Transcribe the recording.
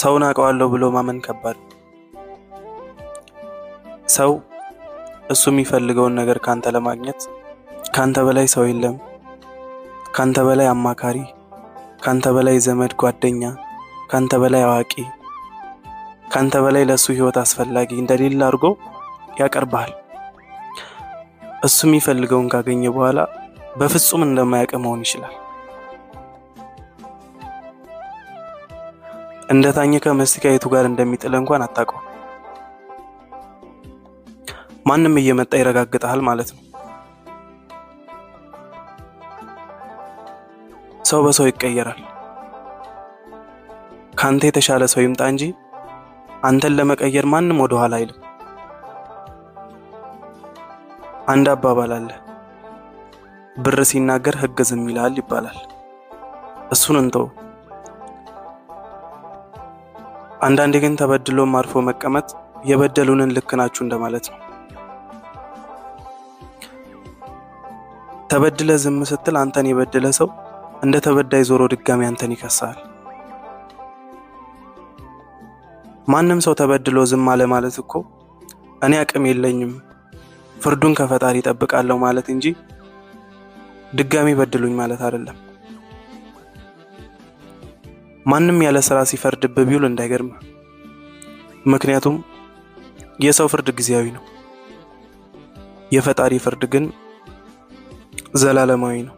ሰውን አውቀዋለሁ ብሎ ማመን ከባድ። ሰው እሱ የሚፈልገውን ነገር ካንተ ለማግኘት ካንተ በላይ ሰው የለም፣ ካንተ በላይ አማካሪ፣ ካንተ በላይ ዘመድ ጓደኛ፣ ካንተ በላይ አዋቂ፣ ካንተ በላይ ለእሱ ህይወት አስፈላጊ እንደሌለ አድርጎ ያቀርባል። እሱ የሚፈልገውን ካገኘ በኋላ በፍጹም እንደማያውቅ መሆን ይችላል። እንደ ታኘ ከመስቲካይቱ ጋር እንደሚጥል እንኳን አታውቀው። ማንም እየመጣ ይረጋግጣል ማለት ነው። ሰው በሰው ይቀየራል። ካንተ የተሻለ ሰው ይምጣ እንጂ አንተን ለመቀየር ማንም ወደ ኋላ አይልም። አንድ አባባል አለ፣ ብር ሲናገር ሕግ ዝም ይላል ይባላል። እሱን እንተው። አንዳንዴ ግን ተበድሎም አርፎ መቀመጥ የበደሉንን ልክ ናችሁ እንደማለት ነው። ተበድለ ዝም ስትል አንተን የበደለ ሰው እንደ ተበዳይ ዞሮ ድጋሚ አንተን ይከሳል። ማንም ሰው ተበድሎ ዝም አለ ማለት እኮ እኔ አቅም የለኝም ፍርዱን ከፈጣሪ ይጠብቃለሁ ማለት እንጂ ድጋሚ በድሉኝ ማለት አይደለም። ማንም ያለ ስራ ሲፈርድብ ቢውል እንዳይገርም። ምክንያቱም የሰው ፍርድ ጊዜያዊ ነው፣ የፈጣሪ ፍርድ ግን ዘላለማዊ ነው።